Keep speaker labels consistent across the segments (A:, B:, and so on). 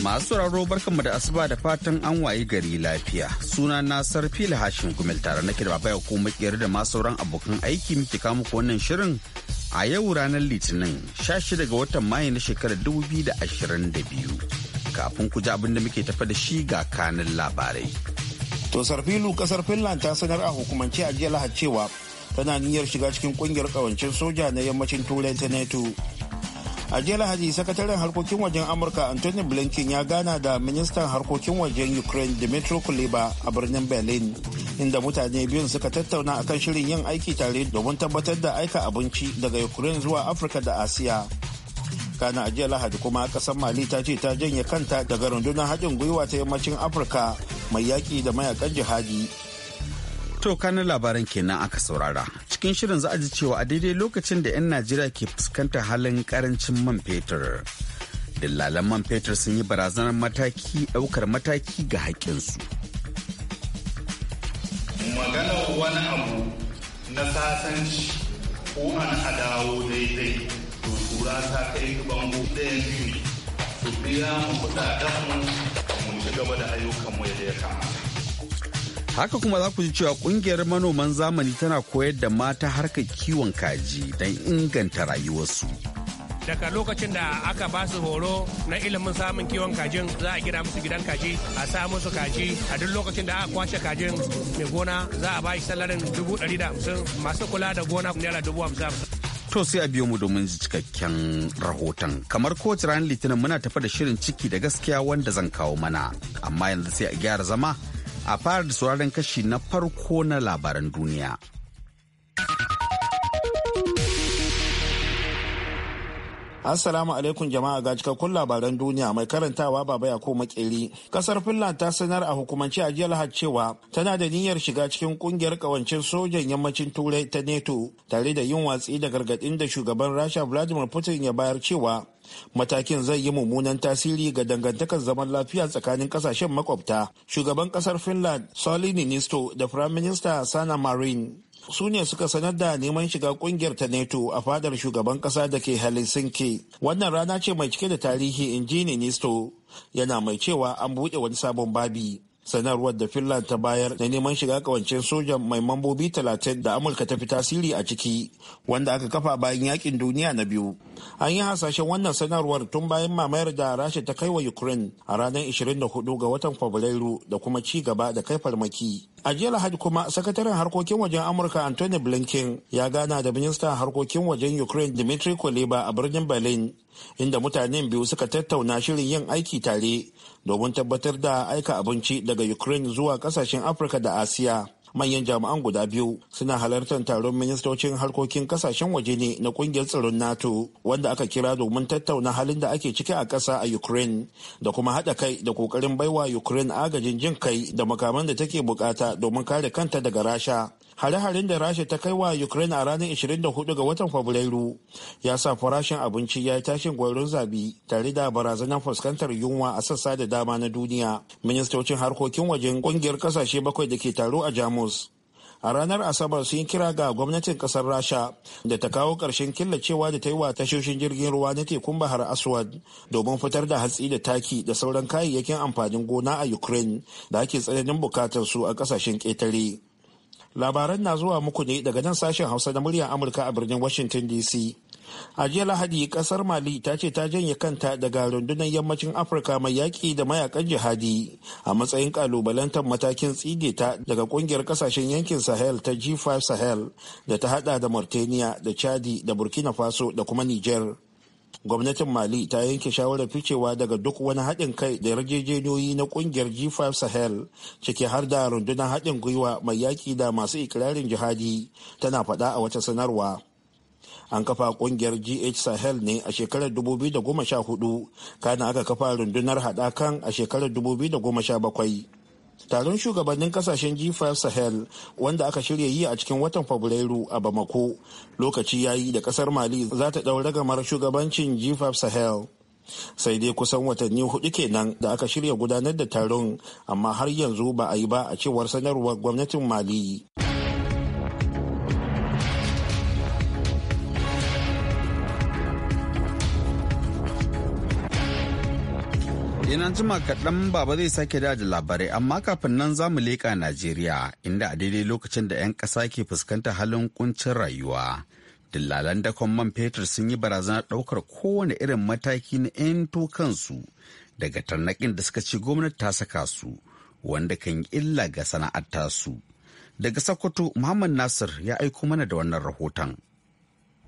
A: Masu sauraro barkanmu da asuba da fatan an wayi gari lafiya. Suna na Sarfila Hashim Gumel tare nake da baya ko makiyar da ma sauran abokan aiki muke kawo ko wannan shirin a yau ranar Litinin 16 ga watan Mayu na shekarar 2022. Kafin ku ji abin da muke tafa da shi ga kanin labarai.
B: To Sarfilu kasar Finland ta sanar a hukumance a jiya cewa tana niyyar shiga cikin kungiyar kawancin soja na yammacin Turai ta NATO. a jiya lahadi sakataren harkokin wajen amurka anthony blinken ya gana da ministan harkokin wajen ukraine dmitry kuleba a birnin berlin inda mutane biyun suka tattauna akan shirin yin aiki tare domin tabbatar da aika abinci daga ukraine zuwa afirka da asiya kana a jiya lahadi kuma kasar mali ta ce ta janye kanta daga rundunar haɗin gwiwa ta yammacin afirka mai yaƙi da mayakan jihadi to kanin labaran
A: kenan aka saurara cikin shirin za a ji cewa a daidai lokacin da 'yan Najeriya ke fuskantar halin karancin man fetur. Dillalan man fetur sun yi barazanar mataki ɗaukar mataki ga haƙƙinsu.
C: Maganar wani abu na sasanci ko an adawo daidai to tura ta kai bango ɗaya biyu su biya mu kuɗaɗen mu mu ci gaba da ayyukan mu yadda ya kamata.
A: haka kuma za ku ji cewa kungiyar manoman zamani tana koyar da mata harkar kiwon kaji don inganta rayuwarsu
D: daga lokacin da aka ba su horo na ilimin samun kiwon kajin za a gina musu gidan kaji a sa musu kaji a duk lokacin da aka kwashe kajin mai gona za a ba shi salarin dubu ɗari da hamsin masu kula da gona naira dubu hamsin
A: To sai a biyo mu domin cikakken rahoton. Kamar kowace ranar litinin muna tafa da shirin ciki da gaskiya wanda zan kawo mana. Amma yanzu sai a gyara zama a fara da sauraron kashi na farko na labaran
B: duniya. Assalamu alaikum jama'a ga cikakkun labaran duniya mai karantawa baba ya ko makeri. Kasar Finland ta sanar a hukumance a jiya Lahad cewa tana da niyyar shiga cikin kungiyar kawancin sojan yammacin Turai ta NATO tare da yin watsi da gargadin da shugaban Rasha Vladimir Putin ya bayar cewa matakin zai yi mummunan tasiri ga dangantakar zaman lafiya tsakanin kasashen makwabta. Shugaban kasar Finland Sauli Niinisto da Prime Minister Sanna Marin su ne suka sanar da neman shiga kungiyar ta neto a fadar shugaban kasa da ke helsinki wannan rana ce mai cike da tarihi in ji nisto yana mai cewa an buɗe wani sabon babi sanarwar da finland ta bayar na neman shiga kawancin sojan mai mambobi 30 da amurka ta fi tasiri a ciki wanda aka kafa bayan yakin duniya na biyu an yi hasashen wannan sanarwar tun bayan mamayar da rasha ta kai wa ukraine a ranar 24 ga watan fabrairu da kuma ci gaba da kai farmaki a jiya lahadi kuma sakataren harkokin wajen amurka anthony blinken ya gana da ministan harkokin wajen ukraine dmitry kuleba a birnin berlin inda mutanen biyu suka tattauna shirin yin aiki tare domin tabbatar da aika abinci daga ukraine zuwa kasashen afirka da asiya manyan jami'an guda biyu suna halartar taron ministocin harkokin kasashen waje ne na kungiyar tsaron nato wanda aka kira domin tattauna halin da ake ciki a ƙasa a ukraine da kuma haɗa kai da ƙoƙarin baiwa ukraine agajin jin kai da makaman da take bukata domin kare kanta daga rasha hare-haren da rasha ta kai wa ukraine a ranar 24 ga watan fabrairu ya sa farashin abinci ya yi tashin gwarin zabi tare da barazanar fuskantar yunwa a sassa da dama na duniya ministocin harkokin wajen kungiyar kasashe bakwai da ke taro a jamus a ranar asabar sun kira ga gwamnatin kasar rasha da ta kawo ƙarshen killacewa da ta yi wa tashoshin jirgin ruwa na tekun bahar aswad domin fitar da hatsi da taki da sauran kayayyakin amfanin gona a ukraine da ake tsananin bukatar su a kasashen ƙetare labaran na zuwa muku ne daga nan sashen hausa na muryar amurka a birnin washington dc a jiya lahadi kasar mali ta ce ta janye kanta daga rundunar yammacin afirka mai yaƙi da mayakan jihadi a matsayin kalubalantar matakin tsige ta daga kungiyar kasashen yankin sahel ta g5 sahel da ta hada da mauritania da chadi da burkina faso da kuma niger gwamnatin mali ta yanke shawarar ficewa daga duk wani haɗin kai da yarjejeniyoyi na ƙungiyar g5 sahel ciki har da rundunar haɗin gwiwa mai yaƙi da masu ikirarin jihadi tana faɗa a wata sanarwa an kafa ƙungiyar gh sahel ne a shekarar 2014 kana aka kafa rundunar haɗakan a shekarar 2017 taron shugabannin kasashen g5 sahel wanda aka shirya yi a cikin watan fabrairu a bamako lokaci ya yi da kasar mali za ta ɗau ragamar shugabancin g5 sahel sai dai kusan watanni hudu kenan da aka shirya gudanar da taron amma har yanzu ba a yi ba a cewar sanarwar gwamnatin mali.
A: Ina jima kaɗan baba zai sake da da labarai amma kafin nan za mu leƙa Najeriya inda a daidai lokacin da 'yan ƙasa ke fuskanta halin kuncin rayuwa. Dillalan dakon man fetur sun yi barazanar ɗaukar kowane irin mataki na 'yan tokansu daga tarnaƙin da suka ce gwamnati ta saka su wanda kan yi illa ga sana'ar tasu. Daga Sokoto, Muhammad Nasir ya aiko mana da wannan rahoton.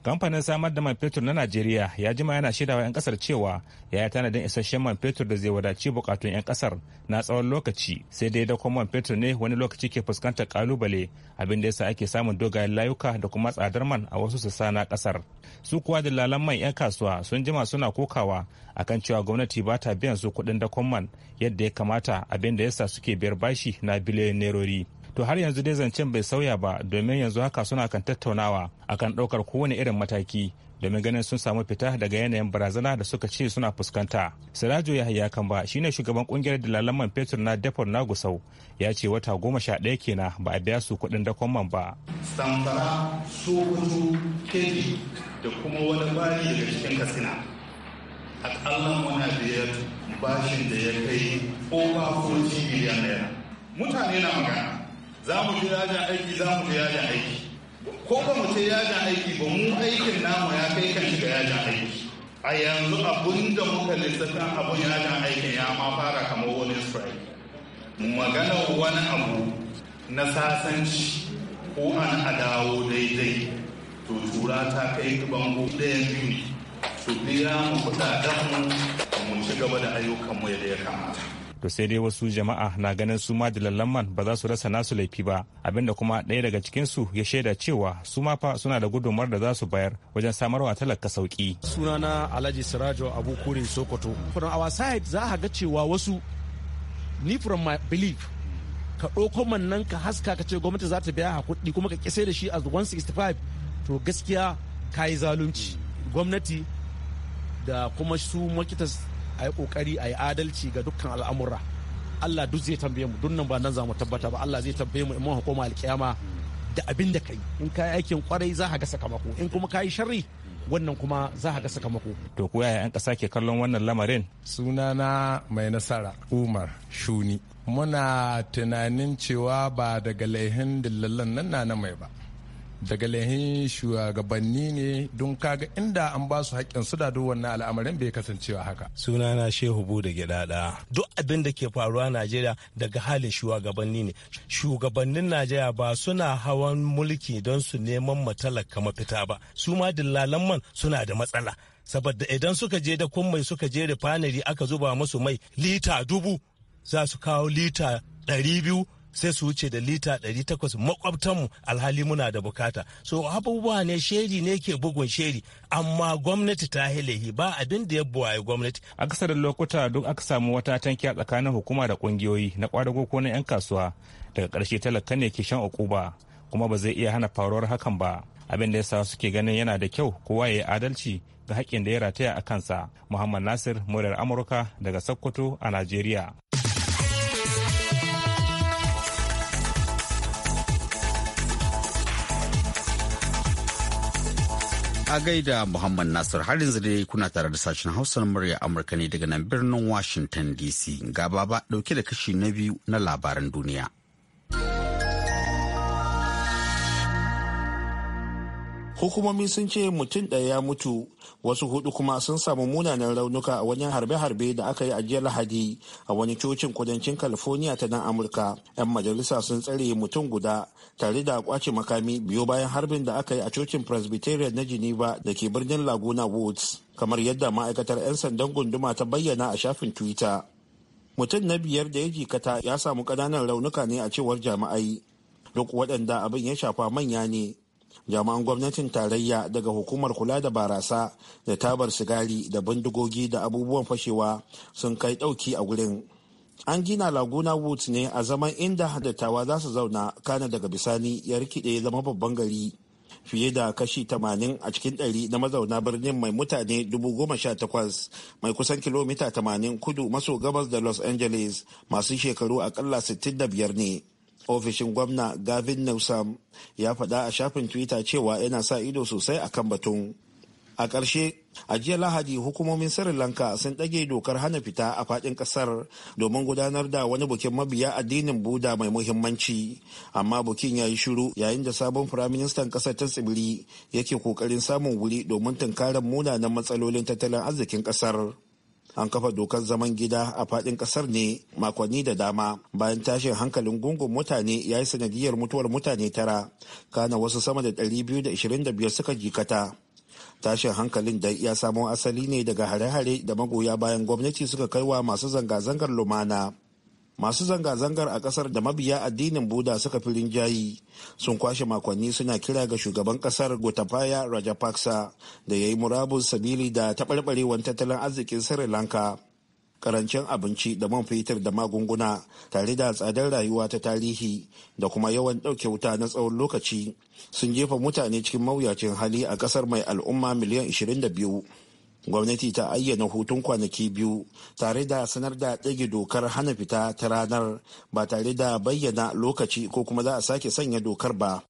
A: kamfanin
E: samar da man fetur na najeriya ya jima yana shaidawa 'yan kasar cewa ya yi tanadin isasshen man fetur da zai wadaci bukatun 'yan kasar na tsawon lokaci sai dai da man fetur ne wani lokaci ke fuskantar kalubale abin da yasa ake samun dogayen layuka da kuma tsadar man a wasu sassa na kasar su kuwa dillalan man 'yan kasuwa sun jima suna kokawa akan cewa gwamnati ba ta biyan su kuɗin dakon man yadda ya kamata abin da yasa suke biyar bashi na biliyan nerori to har yanzu dai zancen bai sauya ba domin yanzu haka suna kan tattaunawa akan ɗaukar kowane irin mataki domin ganin sun samu fita daga yanayin barazana da suka ce suna fuskanta. Sirajo kan shi shine shugaban kungiyar dalalan man fetur na Depot na Gusau ya ce wata goma sha ɗaya kenan ba a biya su kuɗin dakon man ba.
C: Samfara, Sokoto, keji da kuma wani bari daga cikin A Akalla wani biyar bashin da ya kai over 40 biliyan naira. Mutane na magana za mu je yajin aiki za mu je yajin aiki ko ba mu ce yajin aiki ba mu aikin namu ya kai kan shiga yajin aiki a yanzu abun da muka lissafin abun yajin aikin ya ma fara kamar wani strike magana wani abu na sasanci ko an adawo daidai to tura ta kai bango ɗaya biyu su biya mu kuɗaɗen mu mu ci gaba da ayyukanmu yadda ya kamata
E: to sai dai wasu jama'a na ganin su ma dilallan ba za su rasa nasu laifi ba abinda kuma ɗaya daga cikin su ya shaida cewa su ma fa suna da gudummar da za su bayar wajen samarwa talaka sauki sunana alhaji sirajo abu kurin sokoto from our side za a ga cewa wasu ni from my belief ka ɗauko man nan ka haska ka ce gwamnati za ta biya kuɗi kuma ka kise da shi a 165 to gaskiya ka yi zalunci gwamnati da kuma su makitas a yi kokari a yi adalci ga dukkan al'amura
A: Allah duk zai tambaye mu duk ba nan za mu tabbata ba Allah zai tambaye mu in mun hukuma alkiyama da abin da kai in ka yi aikin kwarai za ka ga sakamako in kuma ka yi sharri wannan kuma za ka ga sakamako
E: to ko yaya 'yan ƙasa ke kallon wannan lamarin sunana mai nasara umar shuni muna tunanin cewa ba daga laihin dillallan nan na mai ba daga lahin shugabanni ne don kaga inda an ba su haƙƙin su da duk wannan al'amarin bai kasancewa haka Suna na shehu bude gidada duk abin da ke faruwa najeriya daga halin shugabanni ne shugabannin najeriya ba suna hawan mulki don su neman matalaka mafita ba su ma dillalan man suna da matsala saboda idan suka je da kun mai suka je refinery aka zuba musu mai lita dubu za su kawo lita ɗari biyu sai su wuce da lita 800 makwabtanmu alhali muna da bukata so abubuwa ne sheri ne ke bugun sheri amma gwamnati ta hilehi ba abin da ya buwaye gwamnati a kasar lokuta duk aka samu wata tanki a tsakanin hukuma da kungiyoyi na kwadago ko na 'yan kasuwa daga karshe talaka ne ke shan ukuba kuma ba zai iya hana faruwar hakan ba abin da yasa suke ganin yana da kyau kowa ya yi adalci ga haƙƙin da ya rataya a kansa muhammad nasir muryar amurka daga sokoto a najeriya
A: A gaida Muhammad Nasir har yanzu dai kuna tare da sashen Hausa na murya Amurka ne daga nan birnin Washington DC. Ga baba dauke da kashi na biyu na labaran duniya.
B: hukumomi sun ce mutum ɗaya ya mutu wasu hudu kuma sun samu munanan raunuka a wani harbe-harbe da aka yi a jiya lahadi a wani cocin kudancin california ta nan amurka 'yan majalisa sun tsare mutum guda tare da kwace makami biyo bayan harbin da aka yi a cocin presbyterian na geneva da ke birnin laguna woods kamar yadda ma'aikatar 'yan sandan gunduma ta bayyana a shafin twitter mutum na biyar da ya jikata ya samu ƙananan raunuka ne a cewar jami'ai duk waɗanda abin ya shafa manya ne jami'an gwamnatin tarayya daga hukumar kula da barasa da tabar sigari da bindigogi da abubuwan fashewa sun kai ɗauki a gurin an gina laguna woods ne a zaman inda hadattawa za su zauna kana daga bisani ya rikide zama babban gari fiye da kashi 80 a cikin ɗari na mazauna birnin mai mutane 18,000 mai kusan kilomita 80 kudu maso gabas da los angeles masu shekaru akalla 65 ne ofishin gwamna gavin newsom ya faɗa a shafin twitter cewa yana sa ido sosai a kan batun a ƙarshe a jiya lahadi hukumomin sri lanka sun ɗage dokar hana fita a faɗin ƙasar domin gudanar da wani bukin mabiya addinin buda mai muhimmanci amma bukin ya yi shiru yayin da sabon firaministan ƙasar ta tsibiri yake ƙoƙarin samun wuri domin tunkarar munanan matsalolin tattalin arzikin ƙasar an kafa dokar zaman gida a fadin kasar ne makonni da dama bayan tashin hankalin gungun mutane ya yi sanadiyar mutuwar mutane tara kana wasu sama da 225 suka jikata tashin hankalin da ya samo asali ne daga hare-hare da magoya bayan gwamnati suka kaiwa masu zanga-zangar lumana masu zanga-zangar a kasar da mabiya addinin buda suka fi rinjayi sun kwashe makonni suna kira ga shugaban kasar gotabaya rajapaksa da ya yi murabus sabili da taɓarɓarewar tattalin arzikin sri lanka karancin abinci da man fetur da magunguna tare da tsadar rayuwa ta tarihi da kuma yawan ɗauke wuta na tsawon lokaci sun jefa mutane cikin mawuyacin hali a kasar mai al'umma miliyan 22 gwamnati ta ayyana hutun kwanaki biyu tare da sanar da ɗage dokar hana fita ta ranar ba tare da bayyana lokaci ko kuma za a sake sanya dokar ba.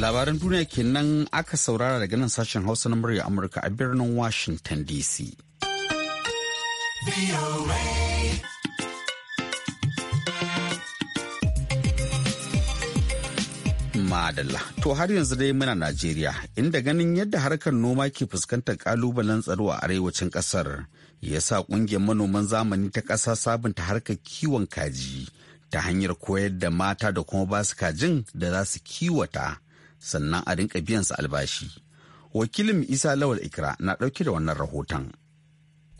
A: Labaran duniya kenan aka saurara daga nan sashen Hausa na murya Amurka a birnin Washington DC. Madalla. To har yanzu dai muna Najeriya, inda ganin yadda harkar noma ke fuskantar kalubalen tsaro a arewacin kasar, ya sa kungiyar manoman zamani ta ƙasa sabunta harkar kiwon kaji ta hanyar koyar da mata da kuma ba su kajin da za su kiwata, sannan a rinka biyan su albashi. Wakilin Isa Lawal Ikra na ɗauke da wannan rahoton.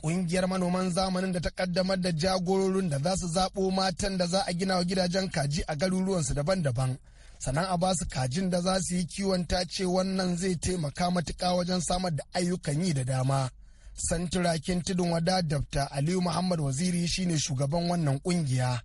F: Ƙungiyar manoman zamanin da ta kaddamar da jagororin da za su zaɓo matan da za a gina wa gidajen kaji a garuruwansu daban-daban. Sannan a su kajin da za su yi kiwon ta ce wannan zai taimaka matuka wajen samar da ayyukan yi da dama. Santurakin tudun wada dabta Aliyu Muhammad Waziri shine shugaban wannan ƙungiya.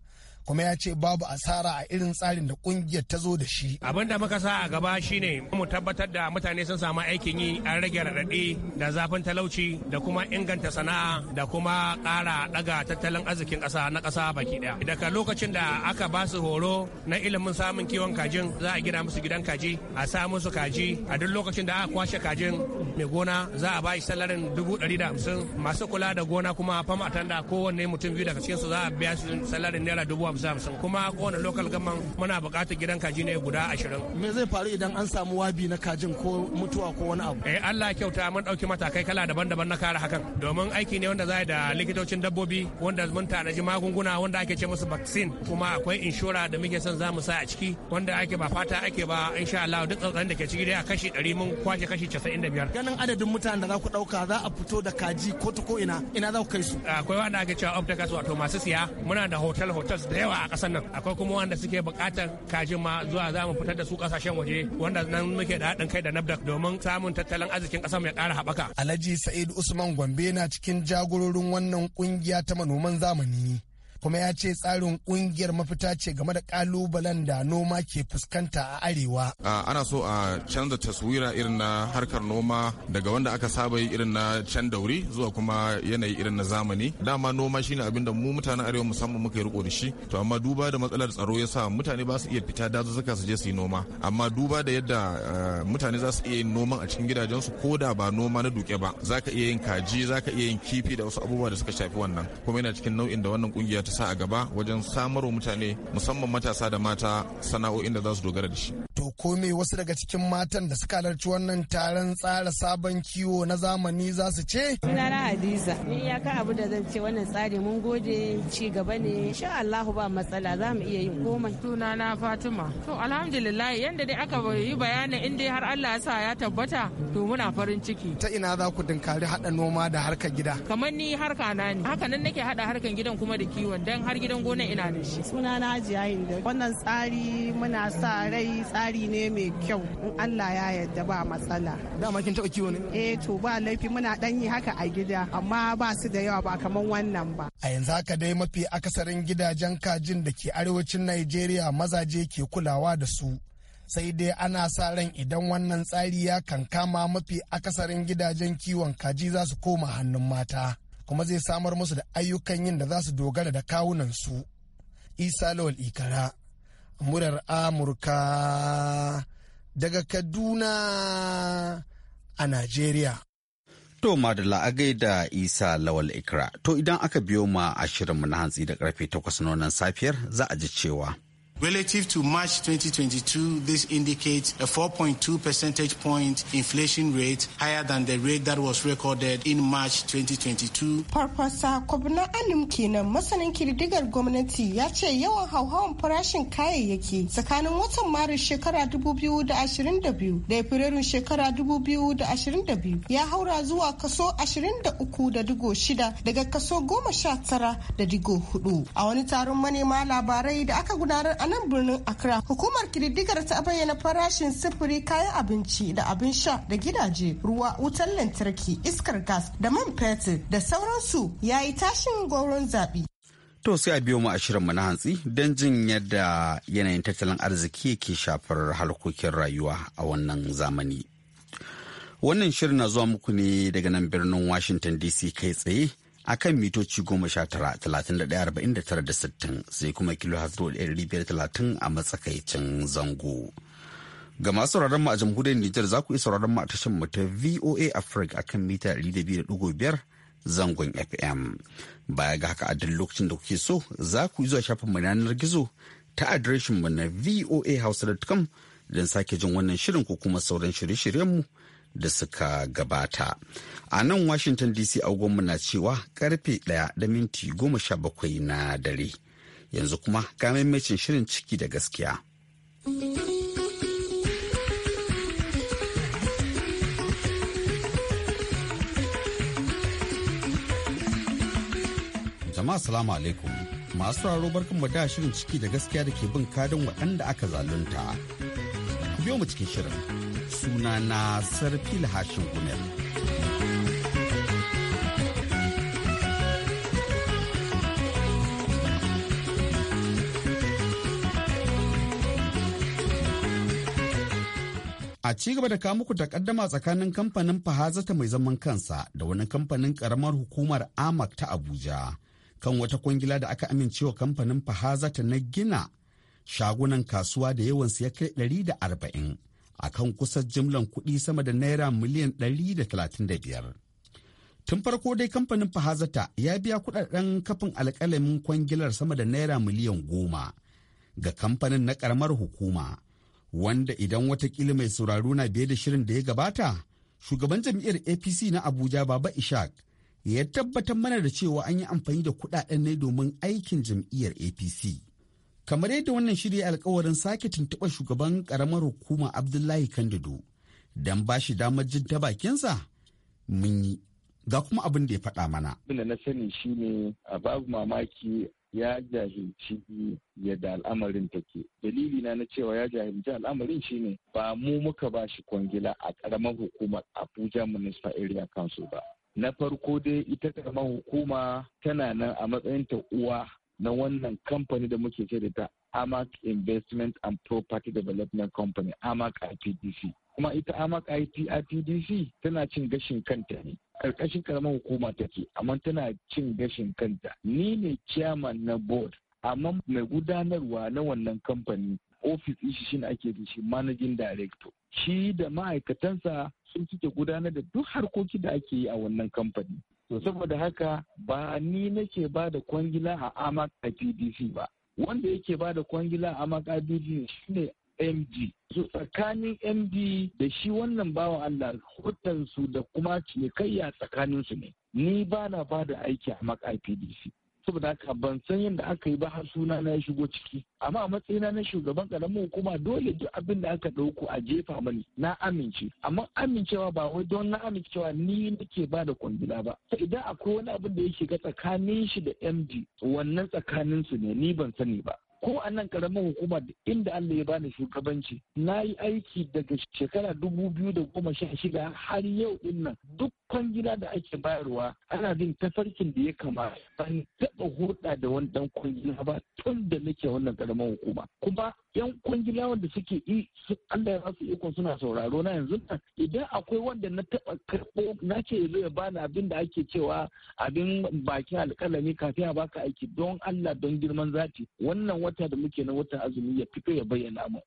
F: kuma ya ce babu asara a irin tsarin da kungiyar ta zo da
D: shi. Abin da muka sa a gaba shine mu tabbatar da mutane sun samu aikin yi an rage raɗaɗi da zafin talauci da kuma inganta sana'a da kuma ƙara ɗaga tattalin arzikin ƙasa na ƙasa baki ɗaya. Daga lokacin da aka ba su horo na ilimin samun kiwon kajin za a gina musu gidan kaji a sa musu kaji a duk lokacin da aka kwashe kajin mai gona za a ba shi salarin dubu ɗari da hamsin masu kula da gona kuma fam atanda kowanne mutum biyu daga cikinsu za a biya su salarin naira dubu hamsin hamsin kuma kowane lokal gaman muna buƙatar gidan kaji ne guda ashirin.
F: me zai faru idan an samu wabi na kajin ko mutuwa ko wani abu. eh
D: Allah kyauta mun ɗauki matakai kala daban-daban na kare hakan domin aiki ne wanda za da likitocin dabbobi wanda mun tanaji magunguna wanda ake ce musu vaccine kuma akwai inshora da muke son za mu sa a ciki wanda ake ba fata ake ba insha Allah duk tsantsan da ke ciki dai a kashi ɗari mun kwashe kashi casa'in da biyar. ganin adadin mutanen
F: da za ku ɗauka, za a fito da kaji ko ta ko ina
D: ina za ku kai su akwai wanda ake cewa wato masu siya muna da hotel hotels yawa a ƙasar nan akwai kuma wanda suke bukatar kajin ma zuwa za mu fitar da su kasashen waje wanda nan muke da haɗin kai da nafdak domin samun tattalin arzikin ƙasar ya ƙara haɓaka.
F: Alhaji Sa'id Usman Gombe na cikin jagororin wannan ƙungiya ta manoman zamani. kuma ya ce tsarin kungiyar mafita ce game da kalubalen da noma ke fuskanta a arewa.
E: ana so a canza taswira irin na harkar noma daga wanda aka saba yi irin na can dauri zuwa kuma yanayi irin na zamani dama noma shine abin da mu mutanen arewa musamman muka yi da shi to amma duba da matsalar tsaro ya sa mutane ba su iya fita dazuzzuka su je su yi noma amma duba da yadda eh, mutane za su iya yin noman a cikin gidajensu ko da ba noma na duke ba za ka iya yin kaji za ka iya yin kifi da wasu abubuwa da suka shafi wannan kuma yana cikin nau'in da wannan kungiya ta sa a gaba wajen samarwa mutane musamman matasa da mata sana'o'in da za su dogara da
F: shi. To kome wasu daga cikin matan da suka halarci wannan taron tsara sabon kiwo na zamani za su ce? Sunana Hadiza. Ni ya ka abu da zan ce wannan tsari mun gode ci gaba ne. Insha Allahu ba matsala za mu iya yin komai. Sunana Fatima. To alhamdulillah yadda dai aka yi bayanin in dai har Allah ya sa ya tabbata to muna farin ciki. Ta ina za ku dinkari haɗa noma da harkar gida? Kamar ni harka na ne. Haka nan nake haɗa harkar gidan kuma da kiwon Don har gidan gona ina da shi suna na hajiya inda wannan tsari muna sa rai tsari ne mai kyau in Allah ya yarda ba matsala dama kin taba kiwo ne eh to ba laifi muna dan yi haka a gida amma ba su da yawa ba kamar wannan ba a yanzu haka dai mafi akasarin gidajen kajin da ke arewacin Najeriya mazaje ke kulawa da su sai dai ana sa ran idan wannan tsari ya kankama mafi akasarin gidajen kiwon kaji za su koma hannun mata. kuma zai samar musu da ayyukan yin da za su dogara da kawunan su, Isa Lawal Ikara, murar Amurka daga Kaduna a Najeriya.
A: To Madalla a gaida Isa Lawal Ikra, to idan aka biyo ma a shirinmu na hantsi da karfe takwas nonon safiyar za a ji cewa Relative to March 2022,
E: this indicates a 4.2 percentage point inflation rate higher than the rate that was recorded in March 2022.
F: Farfasa Kwabna Alim kenan masanin kididigar gwamnati ya ce yawan hauhawan farashin kayayyaki tsakanin watan Maris shekara 2022 da Fabrairun shekara 2022 ya haura zuwa kaso 23.6 daga kaso 19.4 a wani taron manema labarai da aka gudanar a nan birnin Accra. Hukumar kididdigar ta bayyana farashin sufuri kayan abinci da abin sha da gidaje, ruwa, wutar lantarki, iskar gas da man fetur da sauransu ya yi tashin goron zaɓi.
A: To sai a biyo mu a mu na hantsi don jin yadda yanayin tattalin arziki ke shafar harkokin rayuwa a wannan zamani. Wannan shirin na zuwa muku ne daga nan birnin Washington DC kai tsaye a kan mitoci 19,31,49,60 sai kuma kilo talatin a matsakaicin zango. Ga masu sauraron mu a jamhuriyar Nijar za ku iya sauraron mu a tashar mu ta VOA Africa akan mita 200.5 zangon FM. Baya ga haka a duk lokacin da kuke so za ku yi zuwa shafin mu yanar gizo ta adireshin mu na voahausa.com don sake jin wannan shirin ko kuma sauran shirye-shiryen mu. da suka gabata. A nan Washington DC agonmu na cewa karfe ɗaya da minti goma sha bakwai na dare. Yanzu kuma ga maimacin shirin ciki da gaskiya. Jama'a salamu alaikum. Masu raro barkan da shirin ciki da gaskiya da ke bin kadin waɗanda aka zalunta. Ku biyo mu cikin shirin. Suna na sarfil hashin gumel A ci gaba da kawo muku takaddama tsakanin kamfanin fahazata mai zaman kansa da wani kamfanin karamar hukumar Amak ta Abuja kan wata kwangila da aka amincewa kamfanin fahazata na gina shagunan kasuwa da yawansu ya kai 140 a kan kusan jimlan kuɗi sama da naira miliyan 135. Tun farko dai kamfanin Fahazata ya biya kuɗaɗen kafin alƙalamin kwangilar sama da naira miliyan goma ga kamfanin na ƙaramar hukuma, wanda idan watakila mai sauraro na biye da shirin da ya gabata, shugaban jam'iyyar APC na Abuja Baba Ishaq ya tabbatar mana da cewa an yi amfani da kuɗaɗen ne domin aikin jam'iyyar APC. kamar yadda wannan shirya alkawarin sake tuntuɓar shugaban ƙaramar hukuma abdullahi kandido don ba shi damar jin ta bakinsa mun yi ga kuma abin da ya faɗa mana.
G: Abin da na sani shine a babu mamaki ya jahilci yadda al'amarin take. Dalili na na cewa ya jahilci al'amarin shi ne. ba mu muka ba shi kwangila a ƙaramar hukumar Abuja Municipal Area Council ba. Na farko dai ita ƙaramar hukuma tana nan a matsayin ta uwa na wannan kamfani da muke ce ta amac investment and property development company amac ipdc kuma ita amac ipdc tana cin gashin kanta ne karkashin karamar hukuma take amma tana cin gashin kanta ni ne chairman na board amma mai gudanarwa na wannan kamfani ofis ishi shi ne ake shi managing director shi da ma'aikatansa sun suke gudanar da duk harkoki da ake yi a wannan kamfani to saboda haka ba ni nake ba da kwangila a amak a pdc ba wanda yake ba da kwangila a amak a pdc shine md so tsakanin md da shi wannan bawan allah hutansu da kuma cinikayya tsakaninsu ne ni ba na ba da aiki a amak a pdc saboda haka ban san yadda aka yi ba har suna na ya shigo ciki amma a matsayina na shugaban karamin hukuma dole duk abin da aka dauko a jefa mani na amince amma amincewa ba wai don na amincewa ni nake ba da kwangila ba idan akwai wani abin da ya ga tsakanin shi da md wannan tsakanin su ne ni ban sani ba ko a nan karamin hukuma inda Allah ya bani shugabanci na yi aiki daga shekara dubu biyu da goma sha shida har yau dinnan duk kwangila da ake bayarwa ana bin tafarkin da ya kamata ban taɓa hulɗa da wani ɗan kwangila ba tun da nake wannan ƙaramin hukuma kuma yan kwangila wanda suke yi Allah ya rasu iko suna sauraro na yanzu nan idan akwai wanda na taɓa karɓo na ce yanzu ya bani abin da ake cewa abin bakin alƙalami kafin a baka aiki don Allah don girman zati wannan wata da muke na wata azumi ya fito ya bayyana mu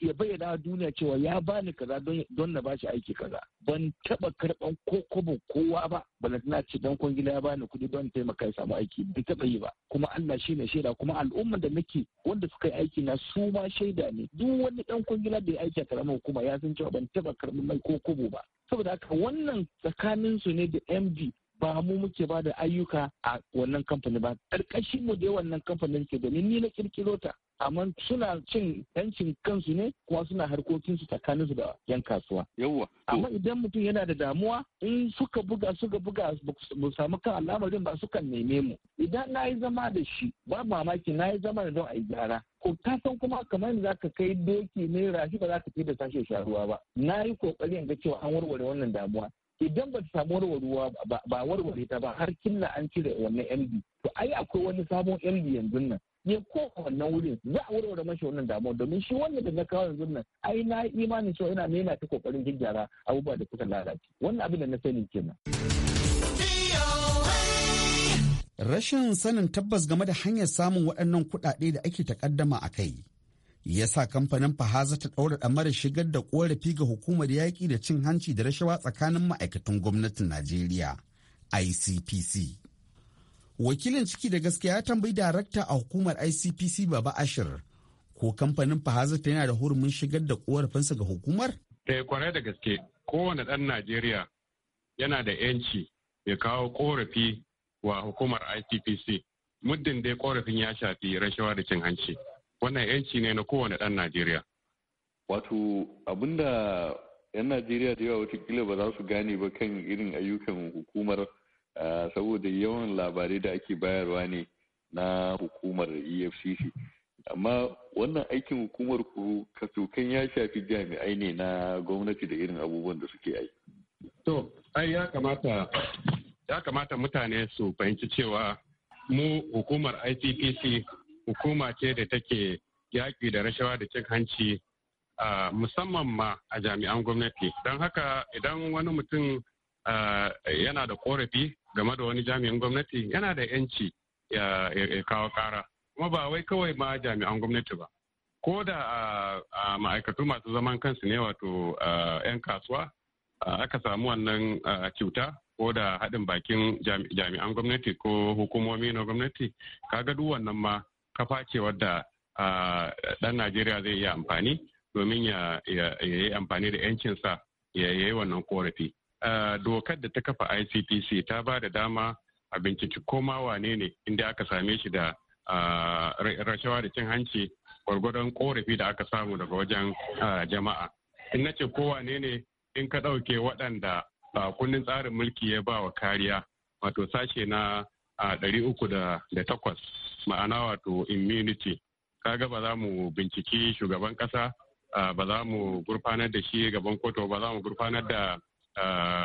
G: ya bayyana duniya cewa ya bani kaza don na bashi aiki kaza ban taɓa karɓan ko kobo kowa ba bala na ce dan kwangila ya bani kuɗi don taimaka ya samu aiki bai taɓa yi ba kuma Allah shi ne shaida kuma al'ummar da nake wanda suka yi aiki na su ma shaida ne duk wani dan kwangila da ya aiki a karamar hukuma ya san cewa ban taɓa karɓar mai ko kobo ba saboda haka wannan tsakaninsu ne da MD ba mu muke ba da ayyuka a wannan kamfani ba ƙarƙashin mu da wannan kamfanin ke domin ni na kirkiro ta amma suna cin yancin kansu ne kuma suna harkokinsu tsakaninsu da yan kasuwa. Yawwa. Amma idan mutum yana da damuwa in suka buga suka buga mu samu kan al'amarin ba sukan neme mu. Idan na yi zama da shi ba mamaki na yi zama da don a yi gyara. Ko ta san kuma kamar za ka kai doki ne rashi ba za ka fi da sashe sharuwa ba. Na yi kokari in ga cewa an warware wannan damuwa. idan ba ta samu warwaruwa ba warware ta ba har killa an cire wannan md to ai akwai wani sabon md yanzu nan ne ko wannan wurin za a warware mashi wannan damuwa domin shi wannan da na kawo yanzu nan ai na imanin cewa ina nema ta kokarin gyara abubuwa da kuka lalace wannan abin da na sani
A: kenan Rashin sanin tabbas game da hanyar samun waɗannan kuɗaɗe da ake takaddama a kai ya sa kamfanin fahaza ta ɗaura mara shigar da ƙorafi ga hukumar yaƙi da cin hanci da rashawa tsakanin ma'aikatan gwamnatin Najeriya ICPC. wakilin ciki da gaskiya ya tambayi darakta a hukumar icpc baba ashir ko kamfanin fahazata yana da hurumin shigar da korafinsa ga hukumar
H: eh kwarai da gaske kowane ɗan najeriya yana da yanci ya kawo korafi wa hukumar icpc muddin dai korafin ya shafi rashawa da cin hanci wannan yanci ne na kowane ɗan najeriya
I: wato abinda 'yan najeriya da yawa watakila ba za su gane ba kan irin ayyukan hukumar saboda yawan labarai da ake bayarwa ne na hukumar efcc amma wannan aikin hukumar ku ya shafi jami'ai ne na gwamnati da irin abubuwan da suke ai to ai ya
H: kamata ya kamata mutane su fahimci cewa mu hukumar icpc hukuma ce da take yaƙi da rashawa da cin hanci Uh, musamman ma a jami'an gwamnati don haka idan wani mutum uh, yana da korafi game da wani jami'an gwamnati yana da yanci ya kawo kara kuma ba wai kawai ma jami'an gwamnati ba ko da a ma'aikatu masu zaman kansu ne wato 'yan kasuwa aka samu wannan cuta ko da haɗin bakin jami'an gwamnati ko hukumomi na gwamnati kaga duk wannan ma kafa ce wadda ɗan najeriya zai iya amfani domin ya yi amfani da 'yancinsa ya yi wannan korafi Eh, dokar da ta kafa icpc ta ba da dama a binciki koma wane ne inda aka same shi da eh, rashawa da cin hanci gwargwadon korafi da aka samu daga wajen eh, jama'a in na ce kowane ne in ka ɗauke waɗanda kundin tsarin mulki ya ba wa kariya wato sashe na ɗari uku da takwas ma'ana wato immunity kaga ba za mu binciki shugaban ƙasa ba za mu gurfanar da shi gaban kotu ba za mu gurfanar da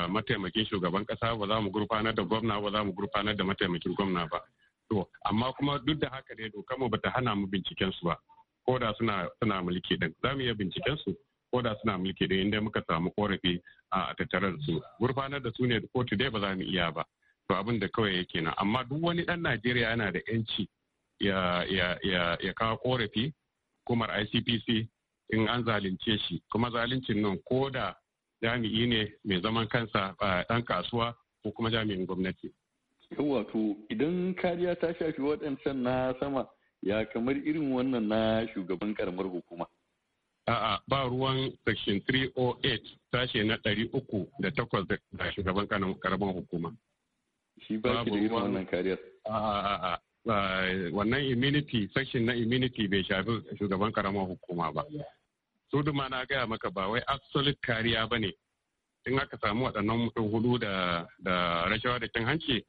H: mataimakin shugaban kasa ba za mu gurfanar da gwamna ba za mu gurfanar da mataimakin gwamna ba to amma kuma duk da haka dai dokar mu bata hana mu binciken su ba ko da suna suna mulki din za mu iya binciken su ko da suna mulki din inda muka samu korafi a tattaren su gurfanar da su ne ko dai ba za mu iya ba to abin da kawai yake nan amma duk wani dan Najeriya yana da yanci ya ya ya ya kawo korafi kuma ICPC in an zalunce shi kuma zaluncin nan ko da jami'i ne mai zaman kansa ɗan
I: kasuwa ko kuma jami'in gwamnati. wato idan kariya ta shafi waɗancan na sama ya kamar irin wannan na shugaban karamar hukuma. A'a
H: ba ruwan section 308 sashe na uku da shugaban karamar hukuma. Shi ba ki da irin wannan kariyar. a'a wannan immunity section na immunity bai shafi shugaban karamar hukuma ba. su duma na gaya maka ba wai absolute kariya ba ne in aka samu waɗannan mutum hudu da rashawa da cin hanci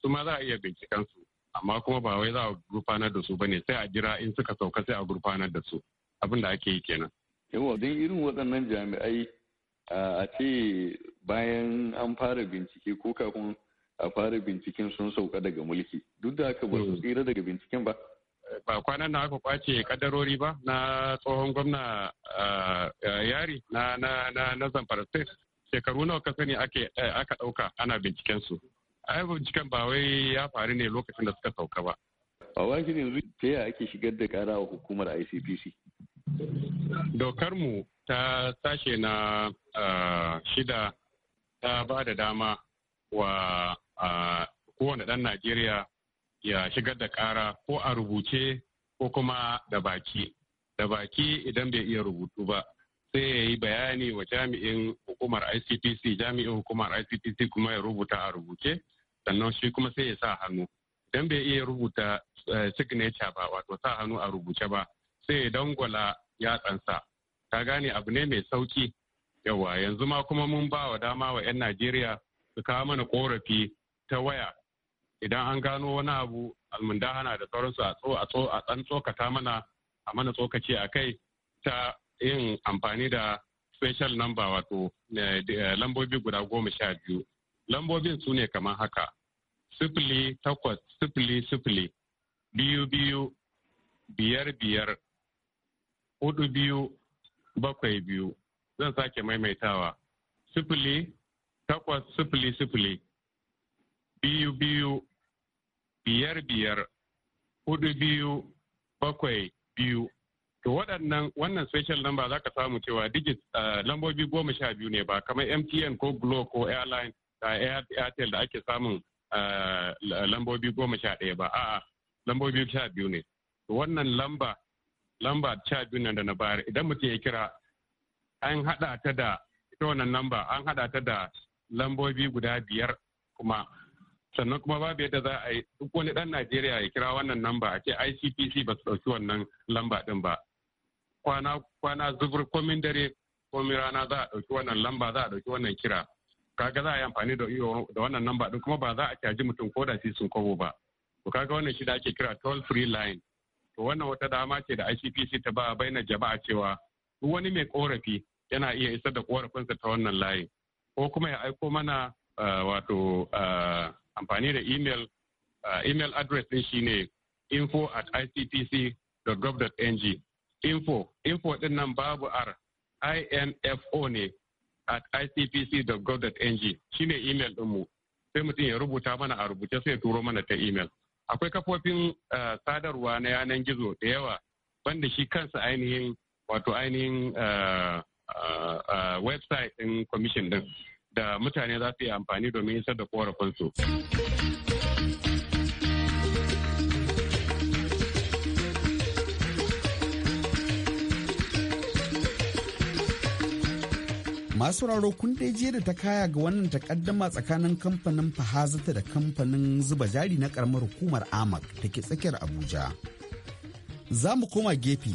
H: su ma za a iya bincikansu su amma kuma ba wai za a gurfanar da su ba ne sai a jira in suka sauka sai a gurfanar da su abin da ake yi kenan.
I: yawa don irin waɗannan jami'ai a ce bayan an fara bincike ko kafin a fara binciken sun sauka daga mulki duk da haka ba su hmm. tsira daga binciken ba
H: ba kwanan na aka kwace kadarori ba na tsohon gwamna yari na na na zamfara state shekaru nawa ka sani eh, aka dauka ana binciken su ai binciken ba wai ya faru ne lokacin da suka sauka ba
I: a wajen yanzu ta yaya ake shigar da kara wa hukumar ICPC dokar mu
H: ta sashe na shida ta ba da dama wa kowane dan Najeriya ya shigar da ƙara ko a rubuce ko kuma da baki da baki idan bai iya rubutu ba sai ya yi bayani wa jami'in hukumar icpc jami'in hukumar icpc kuma ya rubuta a rubuce sannan shi kuma sai ya sa hannu idan bai iya rubuta eh, signature ba wato sa hannu a rubuce ba sai ya dangwala yatsansa ta gane abu ne mai sauki yawa yanzu ma kuma mun ba wa dama wa 'yan najeriya su kawo mana korafi ta waya idan an gano wani abu almundahana da sauransu a tso a tso a tsan tsokata mana a mana tsokaci a kai ta yin amfani da special number wato eh, eh, lambobi guda goma sha biyu lambobin su ne kamar haka sifili takwas sifili sifili biyu biyu biyar biyar hudu biyu bakwai biyu zan sake maimaitawa sifili takwas sifili sifili biyu biyu biyar biyar hudu biyu bakwai biyu to waɗannan wannan special number za ka samu cewa digit eh, lambobi goma sha biyu ne ba kamar mtn ko glo ko airline da eh, airtel da ake samun eh, lambobi goma sha ɗaya ba a'a lambobi sha biyu ne to wannan lamba lamba sha biyu nan da na bayar idan mutum ya kira an haɗa ta da ita wannan lamba an haɗa ta da lambobi guda biyar kuma sannan kuma babu yadda za a yi duk wani dan Najeriya ya kira wannan namba a ce ICPC ba su ɗauki wannan lamba ɗin ba kwana kwana zubur komin dare komin rana za a ɗauki wannan lamba za a ɗauki wannan kira kaga za a yi amfani da wannan namba ɗin kuma ba za a caji mutum ko da shi sun kobo ba to kaga wannan shi da ake kira toll free line to wannan wata dama ce da ICPC ta ba bayyana jama'a cewa duk wani mai korafi yana iya isar da korafinsa ta wannan layi ko kuma ya aiko mana eh, wato eh, amfani da email uh, email address din shine info at icpc.gov.ng info info din nan babu r info ne at icpc.gov.ng shine email ɗinmu sai mutum ya rubuta mana a rubuce sai ya turo mana ta email akwai kafofin uh, sadarwa na yanan gizo da yawa banda shi kansa ainihin wato ainihin uh, website din commission din. da mutane za su yi amfani domin isar da korafinsu.
A: masu raro kun dai je da ta kaya ga wannan takaddama tsakanin kamfanin fahazata da kamfanin zuba jari na karamar hukumar amak da ke tsakiyar abuja za mu koma gefe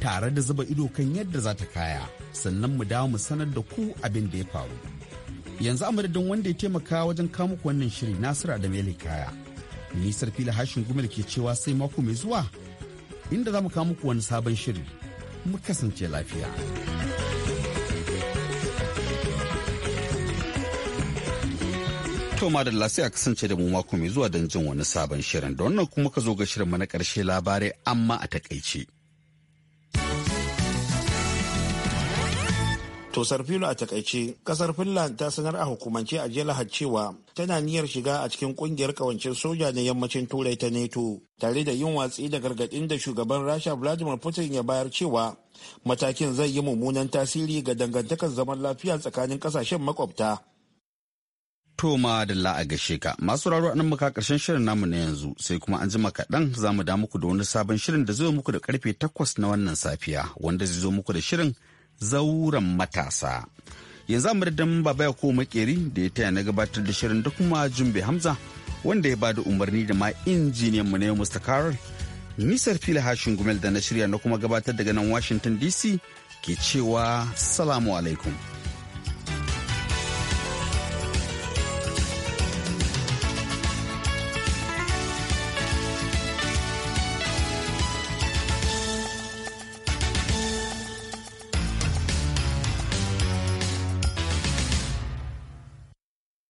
A: tare da zuba ido kan yadda za ta kaya sannan mu dawo mu sanar da ku abin da ya faru yanzu a madadin wanda ya taimaka wajen kamu wannan shiri nasiru da kaya nisar fila hashin gumel ke cewa sai mako mai zuwa inda za mu kawo muku wani sabon shiri mu kasance lafiya To da sai a kasance da mu mako mai zuwa don jin wani sabon shirin da wannan kuma ka zo ga shirin na karshe labarai amma a takaice.
B: To Sarfilo a takaice, kasar Finland ta sanar a hukumance a jiya Lahad cewa tana niyyar shiga a cikin kungiyar kawancin soja na yammacin Turai ta NATO, tare da yin watsi da gargaɗin da shugaban Rasha Vladimir Putin ya bayar cewa matakin zai yi mummunan tasiri ga dangantakar zaman lafiya tsakanin kasashen makwabta.
A: Toma da la'a gashe ka masu raro nan muka karshen shirin namu na yanzu sai kuma an jima kaɗan za mu da muku da wani sabon shirin da zai muku da karfe takwas na wannan safiya wanda zai zo muku da shirin zauren matasa. Yanzu a madadin Baba ya koma makeri da ya taya na gabatar da shirin da kuma Jumbe Hamza wanda ya bada umarni da ma injiniyan mu na yau Carol. Nisar fili hashin gumel da na shirya na kuma gabatar daga nan Washington DC ke cewa salamu alaikum.